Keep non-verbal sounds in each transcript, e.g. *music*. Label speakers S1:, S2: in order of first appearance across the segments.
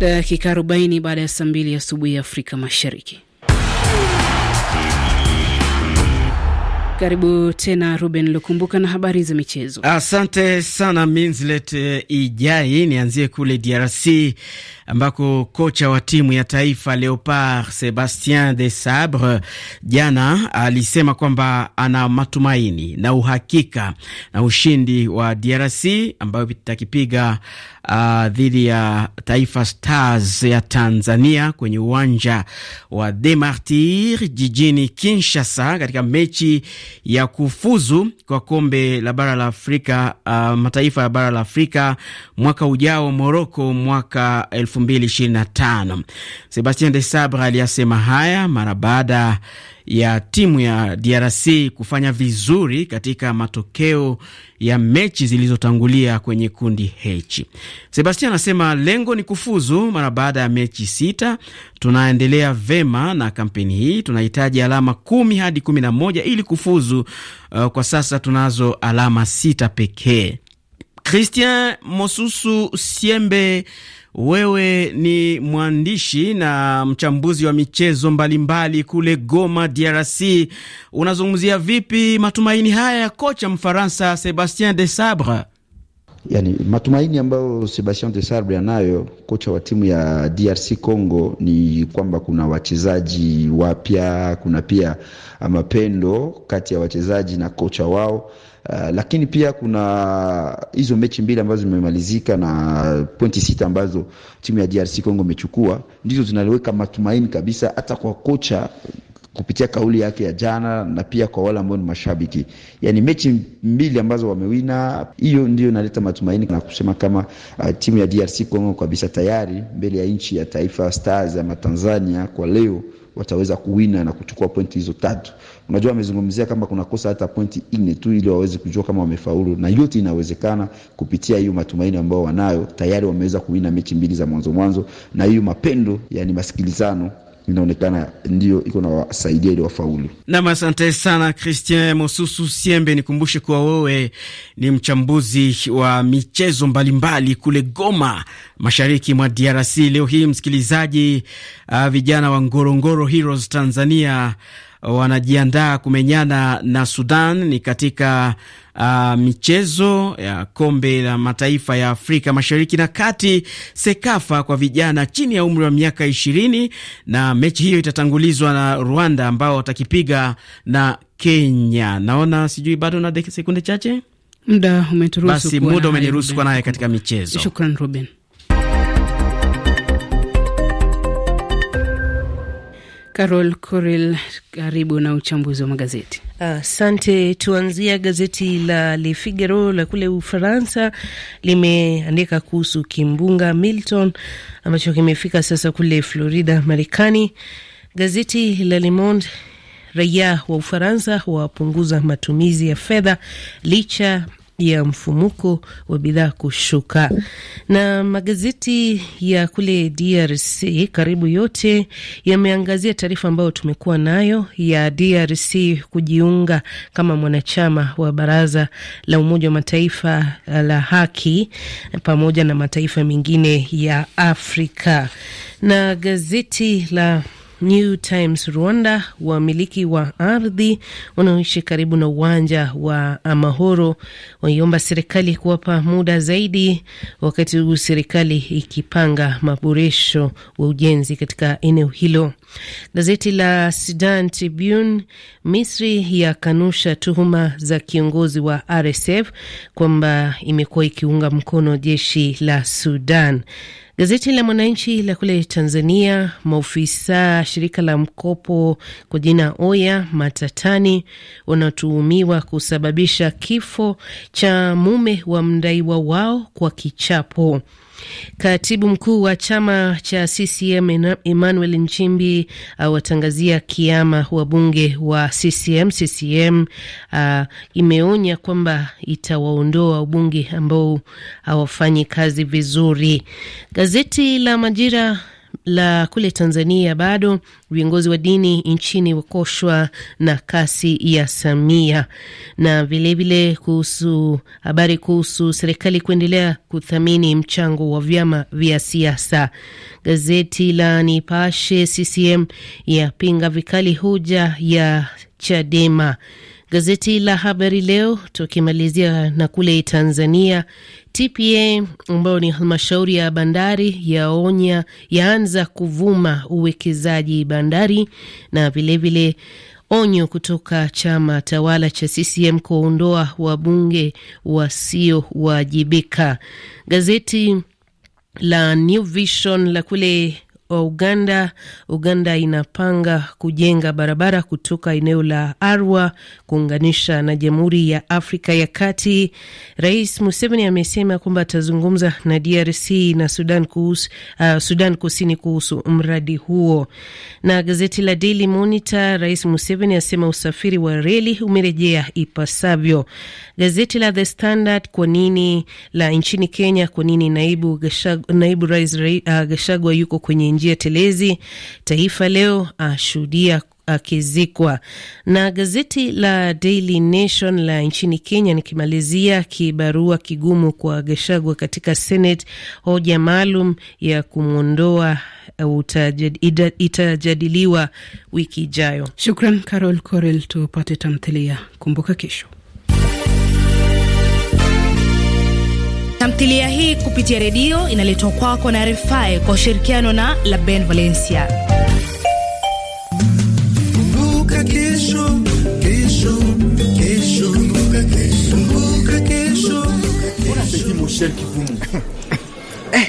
S1: Dakika 40 baada ya saa mbili asubuhi ya Afrika Mashariki. Karibu tena Ruben Lukumbuka na habari za michezo.
S2: Asante sana Minslet eh, Ijai. Nianzie kule DRC ambako kocha wa timu ya taifa Leopard Sebastien de Sabre jana alisema kwamba ana matumaini na uhakika na ushindi wa DRC ambayo itakipiga uh, dhidi ya Taifa Stars ya Tanzania kwenye uwanja wa Demartir jijini Kinshasa katika mechi ya kufuzu kwa kombe la bara la Afrika, uh, mataifa ya bara la Afrika mwaka ujao Moroko, mwaka 2025. Sebastien de Sabre aliyasema haya mara baada ya timu ya DRC kufanya vizuri katika matokeo ya mechi zilizotangulia kwenye kundi H. Sebastian anasema lengo ni kufuzu mara baada ya mechi sita. Tunaendelea vema na kampeni hii, tunahitaji alama kumi hadi kumi na moja ili kufuzu. Uh, kwa sasa tunazo alama sita pekee. Christian Mosusu Siembe wewe ni mwandishi na mchambuzi wa michezo mbalimbali mbali kule Goma, DRC. Unazungumzia vipi matumaini haya ya kocha Mfaransa Sebastien Sabre?
S3: Yani, matumaini ambayo Sebastien de sabre anayo kocha wa timu ya DRC Congo ni kwamba kuna wachezaji wapya, kuna pia mapendo kati ya wachezaji na kocha wao Eh, lakini pia kuna hizo mechi mbili ambazo zimemalizika na pointi sita ambazo timu ya DRC Congo imechukua ndizo zinaliweka matumaini kabisa hata kwa kocha kupitia kauli yake ya jana na pia kwa wale ambao ni mashabiki, yani mechi mbili ambazo wamewina, hiyo ndio inaleta matumaini na kusema kama uh, timu ya DRC Congo kabisa tayari mbele ya nchi ya Taifa Stars ama Tanzania kwa leo wataweza kuwina na kuchukua pointi hizo tatu. Unajua, amezungumzia kama kuna kosa hata pointi nne tu, ili waweze kujua kama wamefaulu, na yote inawezekana kupitia hiyo matumaini ambayo wanayo. Tayari wameweza kuwina mechi mbili za mwanzo mwanzo, na hiyo mapendo, yani masikilizano inaonekana ndio iko na wasaidia ili wafaulu.
S2: Nam, asante sana Christian Mosusu Siembe. Nikumbushe kuwa wewe ni mchambuzi wa michezo mbalimbali mbali kule Goma, mashariki mwa DRC. Leo hii msikilizaji, uh, vijana wa Ngorongoro Heroes Tanzania wanajiandaa kumenyana na Sudan ni katika uh, michezo ya kombe la mataifa ya Afrika Mashariki na Kati, SEKAFA, kwa vijana chini ya umri wa miaka ishirini, na mechi hiyo itatangulizwa na Rwanda ambao watakipiga na Kenya. Naona sijui bado na sekunde chache,
S1: muda umeturuhusu, basi muda umeniruhusu kwa naye katika michezo. Shukran Ruben.
S4: Carol Coril, karibu na uchambuzi wa magazeti. Asante. Uh, tuanzia gazeti la Le Figaro la kule Ufaransa limeandika kuhusu kimbunga Milton ambacho kimefika sasa kule Florida, Marekani. Gazeti la Le Monde Raia wa Ufaransa wapunguza matumizi ya fedha licha ya mfumuko wa bidhaa kushuka. Na magazeti ya kule DRC karibu yote yameangazia taarifa ambayo tumekuwa nayo ya DRC kujiunga kama mwanachama wa Baraza la Umoja wa Mataifa la Haki pamoja na mataifa mengine ya Afrika na gazeti la New Times Rwanda, wamiliki wa ardhi wanaoishi karibu na uwanja wa Amahoro waiomba serikali kuwapa muda zaidi, wakati huu serikali ikipanga maboresho wa ujenzi katika eneo hilo. Gazeti la Sudan Tribune, Misri yakanusha tuhuma za kiongozi wa RSF kwamba imekuwa ikiunga mkono jeshi la Sudan. Gazeti la Mwananchi la kule Tanzania, maofisa shirika la mkopo kwa jina Oya matatani, wanatuhumiwa kusababisha kifo cha mume wa mdaiwa wao kwa kichapo. Katibu mkuu wa chama cha CCM Emmanuel Nchimbi awatangazia uh, kiama wabunge wa CCM. CCM uh, imeonya kwamba itawaondoa wabunge ambao hawafanyi kazi vizuri. Gazeti la Majira la kule Tanzania bado viongozi wa dini nchini wakoshwa na kasi ya Samia, na vilevile kuhusu habari kuhusu serikali kuendelea kuthamini mchango wa vyama vya siasa. Gazeti la Nipashe CCM yapinga vikali hoja ya Chadema. Gazeti la Habari Leo, tukimalizia na kule Tanzania, TPA ambayo ni halmashauri ya bandari yaonya, yaanza kuvuma uwekezaji bandari, na vilevile onyo kutoka chama tawala cha CCM kuondoa wabunge wasiowajibika. Gazeti la New Vision la kule wa Uganda. Uganda inapanga kujenga barabara kutoka eneo la Arua kuunganisha na Jamhuri ya Afrika ya Kati. Rais Museveni amesema kwamba atazungumza na DRC na Sudan, kuhusu, uh, Sudan Kusini kuhusu mradi huo. Na gazeti la Daily Monitor, Rais Museveni asema usafiri wa reli umerejea ipasavyo. Gazeti la The Standard, kwa nini la nchini Kenya, kwa nini naibu, naibu rais uh, Gashagwa yuko kwenye njia telezi. Taifa Leo ashuhudia ah, akizikwa. Ah, Na gazeti la Daily Nation la nchini Kenya, nikimalizia kibarua kigumu kwa Gashagwa katika Senate, hoja maalum ya kumwondoa ah, itajadiliwa wiki ijayo. Shukran Carol Corel, tupate tamthilia kumbuka kesho. Tamthilia hii kupitia redio inaletwa kwako na Refae kwa ushirikiano na La Ben Valencia.
S5: Kumbuka *laughs*
S6: eh,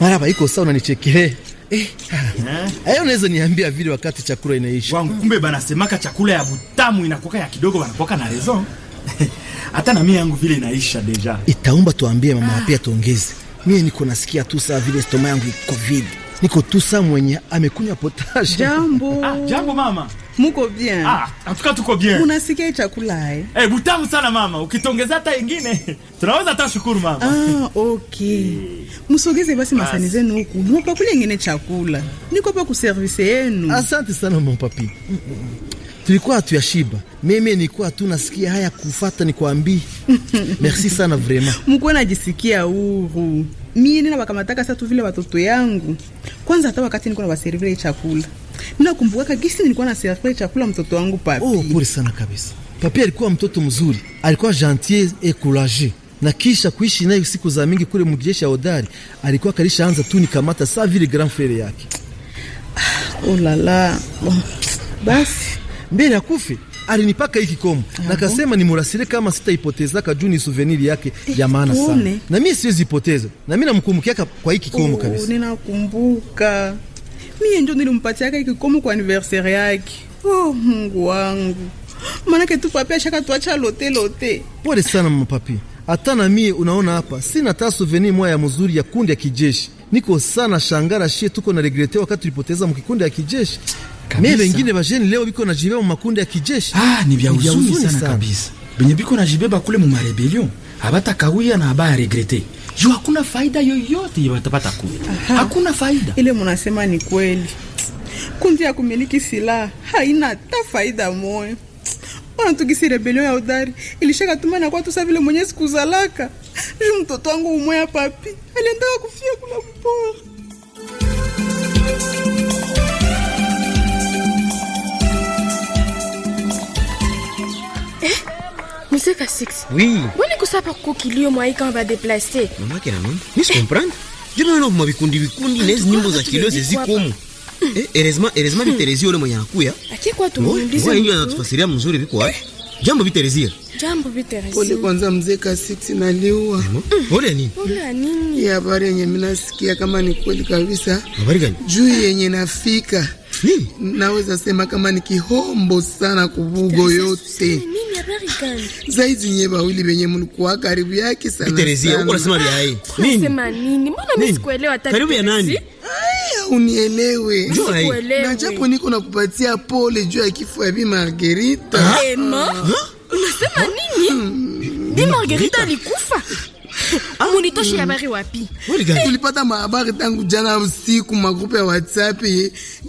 S6: maraba iko sawa unanichekele. Eh. Hayo eh? eh, unaweza niambia vile wakati chakula inaisha. Wangu kumbe bana semaka chakula ya butamu inakoka ya kidogo banakoka na rezo. *laughs* hata na mimi yangu vile inaisha deja. Itaomba tuambie mama ah, pia tuongeze. Mimi niko nasikia tu saa vile stoma yangu iko vide. Niko tu saa mwenye amekunywa potash. Jambo. *laughs* Ah, jambo mama.
S7: Muko bien. Ah, afika tuko bien. Unasikia chakula eh? Eh, butamu sana mama. Ukitongeza hata ingine, *laughs* tunaweza hata shukuru mama. Ah, okay. Musogeze basi masani zenu huku. kule ingine chakula. Niko hapa kuservice yenu. Asante sana mama papi. Mm
S6: -mm tulikuwa hatuyashiba. Mimi nilikuwa tu nasikia haya kufata, ni nikwambii
S7: *laughs* merci
S6: sana vraiment,
S7: mko najisikia huru mimi nina wakamataka sasa tu vile watoto yangu kwanza, hata wakati nilikuwa nawaservire chakula ninakumbuka gisi nilikuwa naservire chakula mtoto wangu papi. Oh, pole sana kabisa. Papi alikuwa mtoto mzuri, alikuwa gentil et
S6: courageux na kisha kuishi naye siku za mingi kule mjeshi ya odari alikuwa kalisha anza tu nikamata saa vile grand frere yake.
S2: Oh la la. Basi
S6: mbele ya akufe alinipaka hiki kikomo na kasema murasire kama sitaipoteza kajuu ni souvenir yake eh, ya maana sana, na mimi siwezi ipoteza, na mimi namkumbukia kwa hiki kikomo oh, kabisa.
S7: Ninakumbuka mimi ndio nilimpatia hiki kikomo kwa anniversaire yake. Oh Mungu wangu, maanake tu papi ashaka tuacha lote lote.
S6: Pole sana mama papi, hata na mimi unaona hapa sina ta souvenir moya ya mzuri ya kundi ya kijeshi. Niko sana shangara shie tuko na regrete wakati tulipoteza mkikundi ya kijeshi kabisa. Wengine bajeni leo biko najibeba mu makundi ya kijeshi. Ah, ni vya huzuni sana, sana kabisa. Benye biko najibeba kule mu marebelio abatakawia na abaya regrete juu hakuna faida yoyote watapata kule,
S7: hakuna faida. Ile munasema ni kweli, kundi ya kumiliki silaha haina hata faida moyo Ona tukisi rebelio ya udari ilishaka tuma na kwa tu savile mwenye sikuzalaka zalaka. mtoto wangu umoya papi aliendaka kufia kula mpora c'est Casix. Oui. Wewe ni kusapa moi quand on va déplacer.
S8: Mama kina nini? Nisi comprendre. Je ne know mabikundi
S9: bikundi nezi nyimbo za
S8: kilio zizikomo. Eh, heureusement heureusement Biterezia yule mwenye anakuya.
S7: Akikwa
S9: tumuulize. Wewe ndio
S8: anatufasiria mzuri biko wapi? Jambo Biterezia.
S9: Jambo Biterezia. Pole kwanza mzee Kasiti naliua. Pole nini? Pole nini? Ya habari yenye mimi nasikia kama ni kweli kabisa. Habari gani? Juu yenye nafika. Naweza sema kama ni kihombo sana kuvugo yote zaizi nye bawili benye mulikuwa karibu yake sana. Biterezia, uko nasema vya hii. Ah, nini? Nasema nini? Mbona mimi sikuelewa tatu. Karibu ya nani? Aya, unielewe. Na japo niko nakupatia pole juu ya kifo ya Bi Margarita. Ema? Unasema nini? Hmm. Bi Margarita alikufa? Ah, munitoshi habari hmm. wapi? Tulipata eh, mahabari tangu jana usiku magrupe ya WhatsApp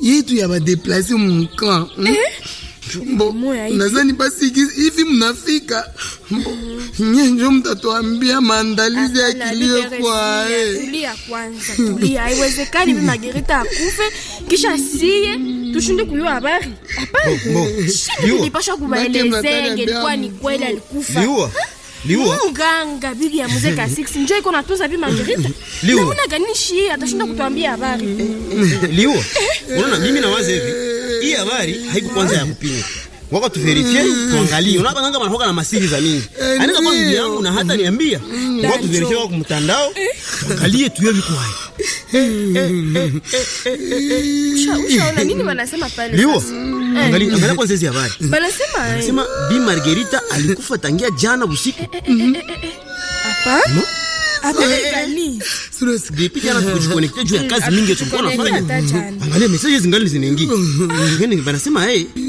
S9: yetu ya badeplase mukan hmm? eh? nazani basi hivi mnafika hmm. nye mtatuambia maandalizi ya kilio kwae. Eh.
S1: Kwanza tulia,
S9: haiwezekani mimi akufe kisha sie tushinde kuyua habari.
S8: Hapana,
S5: nipasha
S9: kumaelezea ingelikuwa ni kweli alikufa munganga bibi ya mzee *laughs* Kasix njoo iko natuza bi Margarita. *laughs* Namna gani shi atashinda kutuambia habari?
S8: Liwa. *laughs* Unaona mimi nawaza hivi. Hii habari kwanza ya kupinga wako tu verify mm. tuangalie. Unaona banganga wanahoka na masiri za mingi. Eh, Anaweza kwa bibi yangu na hata niambia. Mm. wako tu verify kwa mtandao. Eh. Angalie tu hivi kwa eh,
S9: Ushaona nini wanasema pale sasa? Angalia, angalia kwanza
S8: hizi habari.
S5: Wanasema wanasema
S8: Bi Margarita alikufa tangia jana usiku.
S5: Hapa? Eh, eh, eh,
S8: Sura *laughs* yaani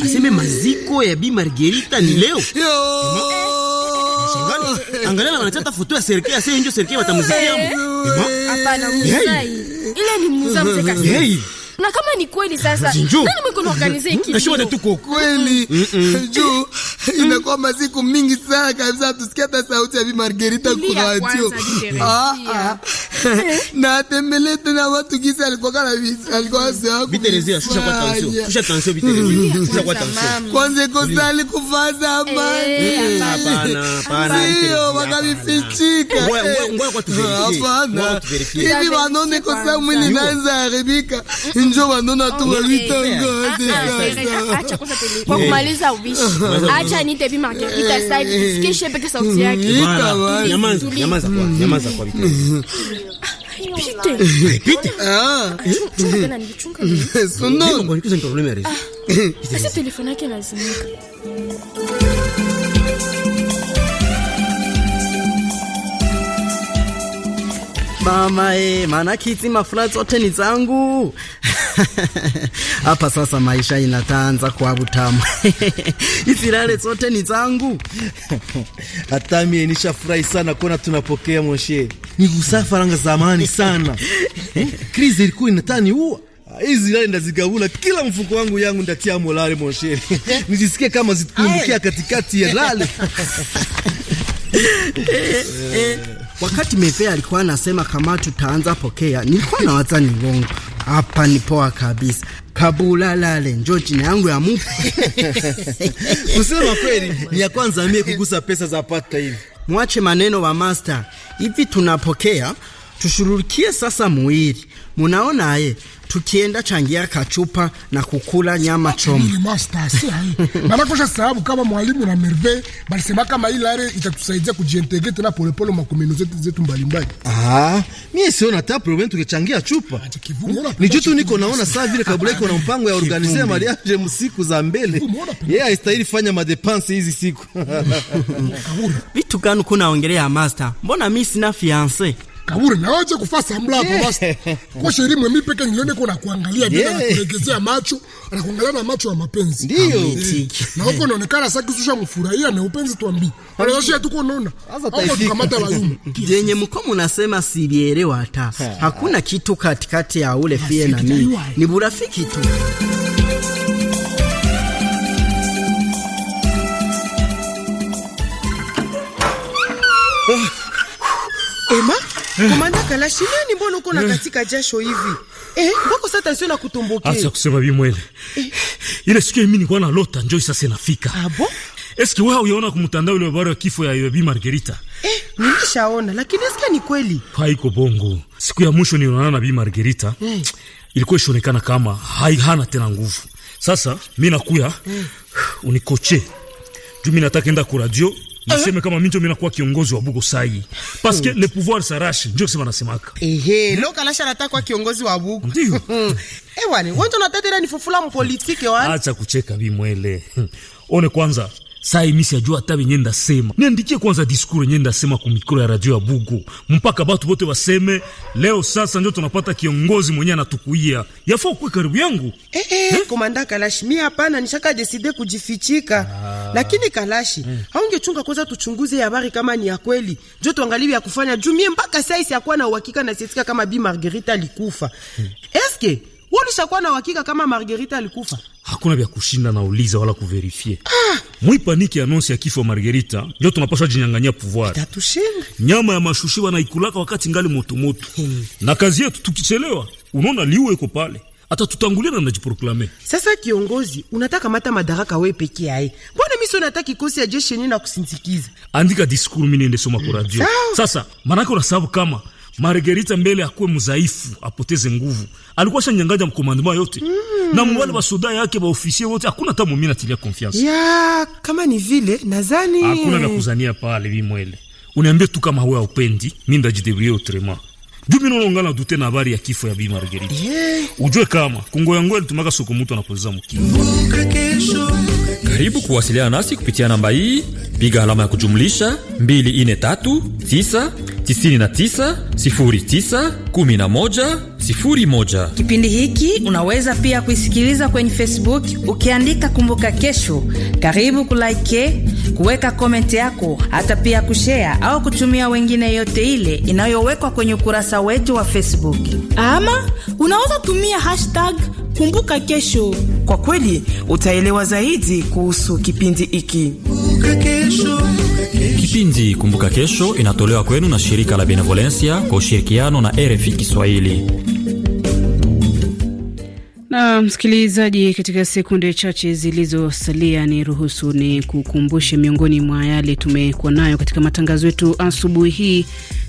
S8: aseme maziko ya Bi Margarita ni leo. Angalia wanachata foto ya serikali, asema ndio serikali watamuzikia.
S1: Hapana, mzai. Ile
S9: ni mzamzeka na kama ni kweli sasa, *laughs* nani organize hiki? Na tuko kweli. Juu inakuwa masiku mingi sana kabisa tusikia hata sauti ya Bi Margarita kwa *laughs* na tembele tena watu kisa alikuwa kana alikuwa sawa biterezia shusha kwa tension shusha
S2: tension biterezia shusha kwa
S9: tension kwanza kosa alikufaza amani hapana hapana sio wakavifichika ngoja ngoja kwa tuverifie ah, hivi wanone kosa mwili naanza haribika njo wanona ah, ah, tu wa vitongo acha kosa
S8: kwa eh. kumaliza
S9: ubishi acha nite bi margarita eh. sasa hivi tusikie sauti yake
S8: nyamaza nyamaza kwa nyamaza kwa biterezia mm. Sonono. Nilikuwa nikichunga problem ya Rezo. Sasa telefoni yake lazimika. mama e, maana kiti mafuraha zote ni zangu *laughs* hapa. Sasa maisha inataanza kwa butamu
S6: hizi *laughs* lale zote ni zangu *laughs* hata mimi nishafurahi sana kuona tunapokea moshe, ni kusafaranga zamani sana eh, krizi ilikuwa inatani huwa hizi lale ndazigabula kila mfuko wangu yangu ndatia molale moshe, nijisikie kama zitukumbukia katikati ya lale
S8: eh, wakati mefe alikuwa anasema kama tutaanza pokea, nilikuwa waza ni wongo. Hapa ni poa kabisa. Kabula lale njo jina yangu ya mupu. *laughs*
S6: Kusema kweli ni ya kwanza mie kugusa pesa za pata hivi.
S8: Mwache maneno wa master. Hivi tunapokea Tushurulikie sasa mwili, munaonaye tukienda changia kachupa na kukula nyama choma kama mwalimu na Merve balisema kama itatusaidia
S6: tena polepole zetu, zetu mbalimbali. Ah, problem tukichangia chupa. Ah, Ni niko naona saa vile na ah, mpango ya mariage msiku za mbele. Yeye yeah, fanya madepense hizi siku. *laughs* Vitu gani
S8: master? Mbona sina fiance?
S9: kaburi nawacha kufasa mlapo basi kwa elimu
S8: mimi peke nilione kuna kuangalia yeah. bila kuregezea macho na kuangalia na macho ya mapenzi ndio na huko inaonekana saki kisusha mfurahia na upenzi tuambii anayoshia tuko naona kamata la yumu jenye mko mnasema sibielewa hata hakuna kitu katikati ya ule fie na mimi ni burafiki tu
S7: *laughs* Komanda Kalashi, nani mbona uko na katika jasho hivi? Eh, mbona sasa na nakutumbukia? Acha
S10: kusema bi mwele. Eh. Ile siku mimi nilikuwa na lota njoo sasa inafika. Ah bon? Eski wewe unaona kumtandao ile habari ya kifo ya Bi Margarita? Eh, nilishaona lakini eske ni kweli? Haiko bongo. Siku ya mwisho nilionana na Bi Margarita. Mm. Ilikuwa ishonekana kama hai hana tena nguvu. Sasa mimi nakuya mm. *sighs* unikoche. Juu mimi nataka enda ku radio niseme uh-huh. kama minjo mimi nakuwa kiongozi wa Bugo
S7: sai parce que hmm. le pouvoir s'arrache, ndio kusema nasemaka ehe hmm. lo kalasha kwa kiongozi wa Bugo ndio *laughs* hmm. eh, wani wewe unatetea ni nifufula mpolitiki wani,
S10: acha kucheka bimwele one kwanza saa hii misijajua hata venye ndasema, niandikie kwanza diskuru yenye ndasema ku mikro ya radio ya Bugo, mpaka batu bote waseme leo. Sasa ndio tunapata kiongozi
S7: mwenye anatukuia, yafaa kuwe karibu yangu. Eh, eh, eh? Komanda Kalashi, mi hapana, nishaka deside kujifichika. Ah, lakini Kalashi eh, haungechunga kwanza tuchunguze habari kama ni ya kweli, njo tuangalie ya kufanya juu. Mimi mpaka saisi hii na uhakika na sisika kama Bi Margarita alikufa eh. Hmm. eske Walishakuwa na uhakika kama Margerita alikufa.
S10: Hakuna vya kushinda nauliza wala kuverifie. Ah. Mwipaniki anonsi ya kifo wa Margerita ndio tunapaswa jinyang'anyia pouvoir.
S7: Itatushinda.
S10: Nyama ya mashushi wanaikulaka wakati ngali motomoto Hmm. Na kazi yetu tukichelewa, unaona liuwe iko pale. Hata tutangulia na najiproklame.
S7: Sasa kiongozi, unataka mata madaraka wewe peke yake. Mbona mimi sio nataka kikosi ya jeshi yenyewe na kusindikiza?
S10: Andika diskuru mimi niende soma kwa radio. Sasa, manako na sababu kama Margarita mbele akuwe mzaifu apoteze nguvu, alikuwa shanyanganya mkomandema yote mm. na mwale wa soda yake wa ofisie wote, hakuna hata mumina tilia confiance
S7: ya kama ni vile nazani, hakuna na
S10: kuzania pale bimwele. Uniambie tu kama wewe upendi minda ndajidebrie utrema jumi ninaongana dute na habari ya kifo ya bi Margarita yeah. Ujue kama kongo yangu ilitumaka soko mutu anapoteza mkini karibu kuwasiliana nasi kupitia namba hii, piga alama ya kujumlisha 24399091101.
S1: Kipindi hiki unaweza pia kuisikiliza kwenye Facebook ukiandika Kumbuka Kesho. Karibu kulike, kuweka komenti yako, hata pia kushea au kutumia wengine, yote ile inayowekwa kwenye ukurasa wetu wa Facebook, ama unaweza tumia hashtag Kumbuka Kesho. Kwa kweli utaelewa zaidi
S7: kuhusu kipindi hiki.
S10: Kipindi Kumbuka Kesho inatolewa kwenu na shirika la Benevolencia kwa ushirikiano na RFI Kiswahili.
S1: Na msikilizaji, katika sekunde chache zilizosalia, ni ruhusu ni kukumbushe miongoni mwa yale tumekuwa nayo katika matangazo yetu asubuhi hii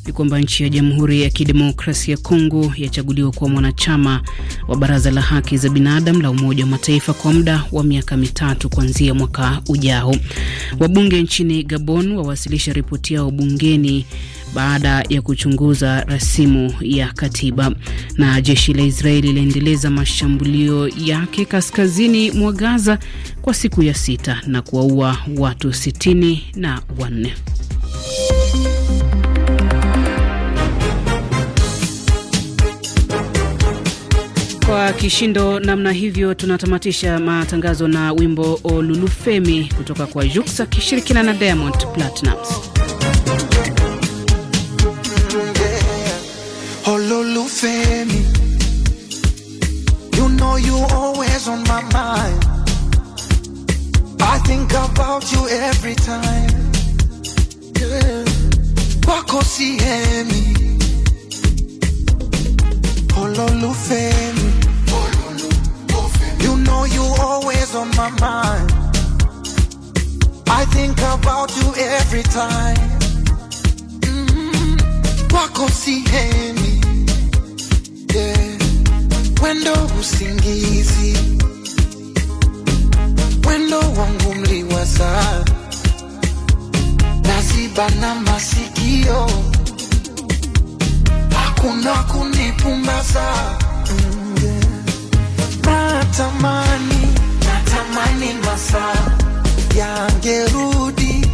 S1: ni kwamba nchi ya Jamhuri ya Kidemokrasia ya Kongo yachaguliwa kuwa mwanachama wa Baraza la Haki za Binadamu la Umoja wa Mataifa kwa muda wa miaka mitatu kuanzia mwaka ujao. Wabunge nchini Gabon wawasilisha ripoti yao bungeni baada ya kuchunguza rasimu ya katiba. Na jeshi la Israeli linaendeleza mashambulio yake kaskazini mwa Gaza kwa siku ya sita na kuwaua watu sitini na wanne. Kwa kishindo namna hivyo, tunatamatisha matangazo na wimbo Olulufemi kutoka kwa Jux akishirikiana na Diamond Platnumz.
S5: about you every time. Mm-hmm. Wako sihemi, yeah. Wendo usingizi, wendo wangu mliwaza, nazibana masikio, hakuna kunipumbaza. Mm-hmm. Natamani, natamani masaa yangerudi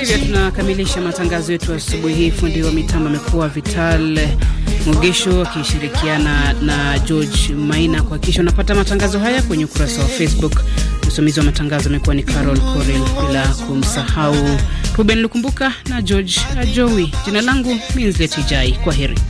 S1: Hivyo tunakamilisha matangazo yetu asubuhi hii. Fundi wa mitambo amekuwa Vital Mugisho akishirikiana na George Maina. Kuhakikisha unapata matangazo haya kwenye ukurasa wa Facebook. Msimamizi wa matangazo amekuwa ni Carol Corel, bila kumsahau Ruben Lukumbuka na George Ajowi. Jina langu Minzletijai, kwa heri.